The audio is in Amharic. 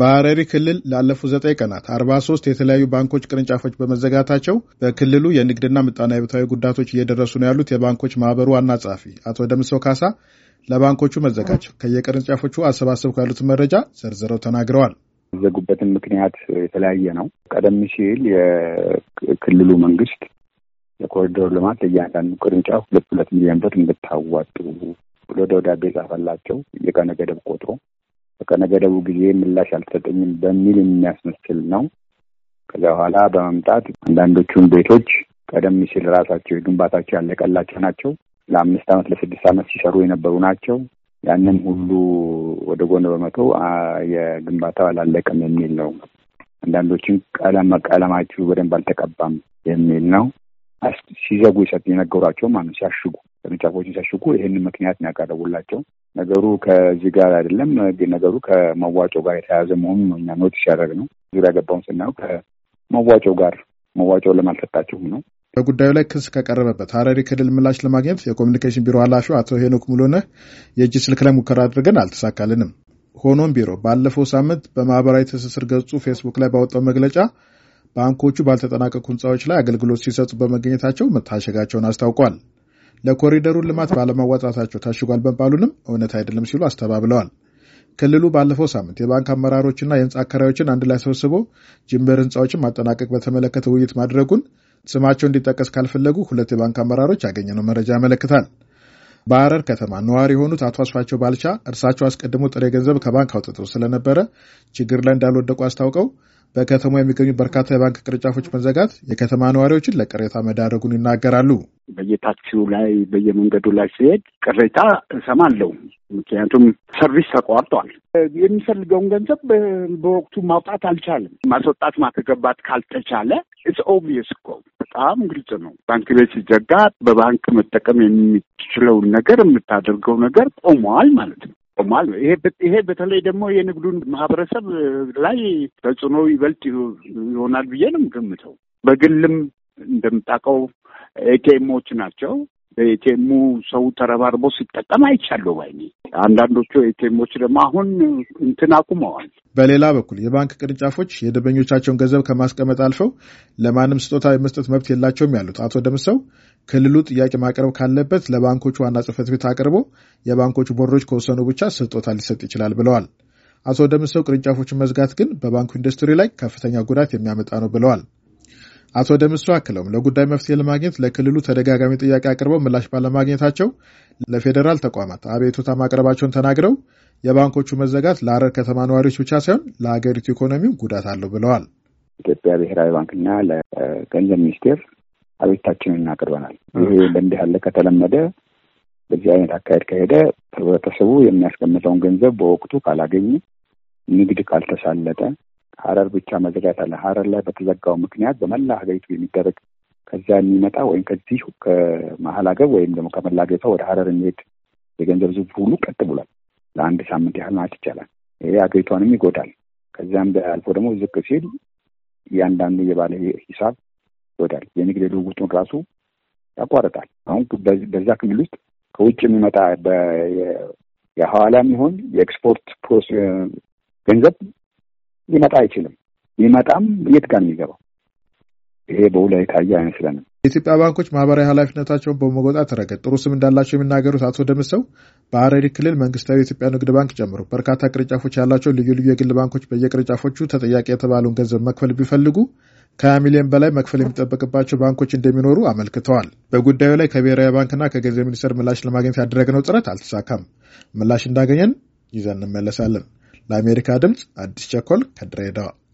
በሐረሪ ክልል ላለፉት ዘጠኝ ቀናት አርባ ሶስት የተለያዩ ባንኮች ቅርንጫፎች በመዘጋታቸው በክልሉ የንግድና ምጣኔ ሀብታዊ ጉዳቶች እየደረሱ ነው ያሉት የባንኮች ማህበሩ ዋና ጸሐፊ አቶ ደምሰው ካሳ ለባንኮቹ መዘጋቸው ከየቅርንጫፎቹ አሰባሰብ ካሉት መረጃ ዘርዝረው ተናግረዋል። የዘጉበትን ምክንያት የተለያየ ነው። ቀደም ሲል የክልሉ መንግስት የኮሪደር ልማት ለእያንዳንዱ ቅርንጫፍ ሁለት ሁለት ሚሊዮን ብር እንድታዋጡ ብሎ ደብዳቤ ጻፈላቸው የቀነ ገደብ ቆጥሮ ከነገደቡ ጊዜ ምላሽ አልተሰጠኝም በሚል የሚያስመስል ነው። ከዚያ በኋላ በመምጣት አንዳንዶቹን ቤቶች ቀደም ሲል ራሳቸው ግንባታቸው ያለቀላቸው ናቸው። ለአምስት ዓመት ለስድስት ዓመት ሲሰሩ የነበሩ ናቸው። ያንን ሁሉ ወደ ጎን በመቶ የግንባታው አላለቀም የሚል ነው። አንዳንዶችን ቀለም ቀለማችሁ በደንብ አልተቀባም የሚል ነው። ሲዘጉ ይሰጥ የነገሯቸው ማለት ሲያሽጉ ቅርንጫፎች ሲያሽጉ ይህንን ምክንያት ነው ያቀረቡላቸው። ነገሩ ከዚህ ጋር አይደለም፣ ነገሩ ከመዋጮ ጋር የተያያዘ መሆኑን ነው እኛ ኖቲስ ነው ዙሪያ ገባውን ስናየው ከመዋጮ ጋር መዋጮ ለማልሰጣችሁም ነው። በጉዳዩ ላይ ክስ ከቀረበበት ሀረሪ ክልል ምላሽ ለማግኘት የኮሚኒኬሽን ቢሮ ኃላፊው አቶ ሄኖክ ሙሉነህ የእጅ ስልክ ላይ ሙከራ አድርገን አልተሳካልንም። ሆኖም ቢሮ ባለፈው ሳምንት በማህበራዊ ትስስር ገጹ ፌስቡክ ላይ ባወጣው መግለጫ ባንኮቹ ባልተጠናቀቁ ህንፃዎች ላይ አገልግሎት ሲሰጡ በመገኘታቸው መታሸጋቸውን አስታውቋል። ለኮሪደሩ ልማት ባለመዋጣታቸው ታሽጓል መባሉንም እውነት አይደለም ሲሉ አስተባብለዋል። ክልሉ ባለፈው ሳምንት የባንክ አመራሮችና የህንፃ አከራዮችን አንድ ላይ ሰብስቦ ጅምር ህንፃዎችን ማጠናቀቅ በተመለከተ ውይይት ማድረጉን ስማቸው እንዲጠቀስ ካልፈለጉ ሁለት የባንክ አመራሮች ያገኘነው መረጃ ያመለክታል። በሐረር ከተማ ነዋሪ የሆኑት አቶ አስፋቸው ባልቻ እርሳቸው አስቀድሞ ጥሬ ገንዘብ ከባንክ አውጥተው ስለነበረ ችግር ላይ እንዳልወደቁ አስታውቀው በከተማ የሚገኙ በርካታ የባንክ ቅርንጫፎች መዘጋት የከተማ ነዋሪዎችን ለቅሬታ መዳረጉን ይናገራሉ። በየታክሲው ላይ በየመንገዱ ላይ ሲሄድ ቅሬታ እሰማለሁ። ምክንያቱም ሰርቪስ ተቋርጧል። የሚፈልገውን ገንዘብ በወቅቱ ማውጣት አልቻለም። ማስወጣት ማስገባት ካልተቻለ ኢትስ ኦብቪየስ እኮ በጣም ግልጽ ነው። ባንክ ቤት ሲዘጋ በባንክ መጠቀም የሚችለውን ነገር የምታደርገው ነገር ቆሟል ማለት ነው። ቆሟል። ይሄ በተለይ ደግሞ የንግዱን ማህበረሰብ ላይ ተጽዕኖ ይበልጥ ይሆናል ብዬ ነው ገምተው። በግልም እንደምታውቀው ኤቲኤሞች ናቸው። በኤቲኤሙ ሰው ተረባርቦ ሲጠቀም አይቻለሁ ባይኔ አንዳንዶቹ ኤቲኤሞች ደግሞ አሁን እንትን አቁመዋል። በሌላ በኩል የባንክ ቅርንጫፎች የደንበኞቻቸውን ገንዘብ ከማስቀመጥ አልፈው ለማንም ስጦታ የመስጠት መብት የላቸውም ያሉት አቶ ደምሰው ክልሉ ጥያቄ ማቅረብ ካለበት ለባንኮቹ ዋና ጽህፈት ቤት አቅርቦ የባንኮቹ ቦርዶች ከወሰኑ ብቻ ስጦታ ሊሰጥ ይችላል ብለዋል። አቶ ደምሰው ቅርንጫፎችን መዝጋት ግን በባንኩ ኢንዱስትሪ ላይ ከፍተኛ ጉዳት የሚያመጣ ነው ብለዋል። አቶ ደምሶ አክለውም ለጉዳይ መፍትሄ ለማግኘት ለክልሉ ተደጋጋሚ ጥያቄ አቅርበው ምላሽ ባለማግኘታቸው ለፌዴራል ተቋማት አቤቱታ ማቅረባቸውን ተናግረው የባንኮቹ መዘጋት ለአረር ከተማ ነዋሪዎች ብቻ ሳይሆን ለሀገሪቱ ኢኮኖሚም ጉዳት አለው ብለዋል። ኢትዮጵያ ብሔራዊ ባንክና ለገንዘብ ሚኒስቴር አቤታችንን እናቅርበናል። ይሄ በእንዲህ ያለ ከተለመደ በዚህ አይነት አካሄድ ከሄደ ህብረተሰቡ የሚያስቀምጠውን ገንዘብ በወቅቱ ካላገኘ፣ ንግድ ካልተሳለጠ፣ ሀረር ብቻ መዘጋት አለ። ሀረር ላይ በተዘጋው ምክንያት በመላ ሀገሪቱ የሚደረግ ከዚያ የሚመጣ ወይም ከዚህ ከመሀል ሀገር ወይም ደግሞ ከመላ ሀገሪቷ ወደ ሀረር የሚሄድ የገንዘብ ዝውውር ሁሉ ቀጥ ብሏል። ለአንድ ሳምንት ያህል ማለት ይቻላል። ይሄ ሀገሪቷንም ይጎዳል። ከዚያም አልፎ ደግሞ ዝቅ ሲል እያንዳንዱ የባለ ሂሳብ ይወዳል። የንግድ ልውውጡን ራሱ ያቋርጣል። አሁን በዛ ክልል ውስጥ ከውጭ የሚመጣ የሐዋላም ይሆን የኤክስፖርት ገንዘብ ሊመጣ አይችልም። ሊመጣም የት ጋር የሚገባው ይሄ በውላ የታየ አይመስለንም። የኢትዮጵያ ባንኮች ማህበራዊ ኃላፊነታቸውን በመወጣት ረገድ ጥሩ ስም እንዳላቸው የሚናገሩት አቶ ደምሰው በሐረሪ ክልል መንግስታዊ የኢትዮጵያ ንግድ ባንክ ጨምሮ በርካታ ቅርንጫፎች ያላቸው ልዩ ልዩ የግል ባንኮች በየቅርንጫፎቹ ተጠያቂ የተባለውን ገንዘብ መክፈል ቢፈልጉ ከ ሚሊዮን በላይ መክፈል የሚጠበቅባቸው ባንኮች እንደሚኖሩ አመልክተዋል። በጉዳዩ ላይ ከብሔራዊ ባንክና ከገንዘብ ሚኒስቴር ምላሽ ለማግኘት ያደረግነው ጥረት አልተሳካም። ምላሽ እንዳገኘን ይዘን እንመለሳለን። ለአሜሪካ ድምፅ አዲስ ቸኮል ከድሬዳዋ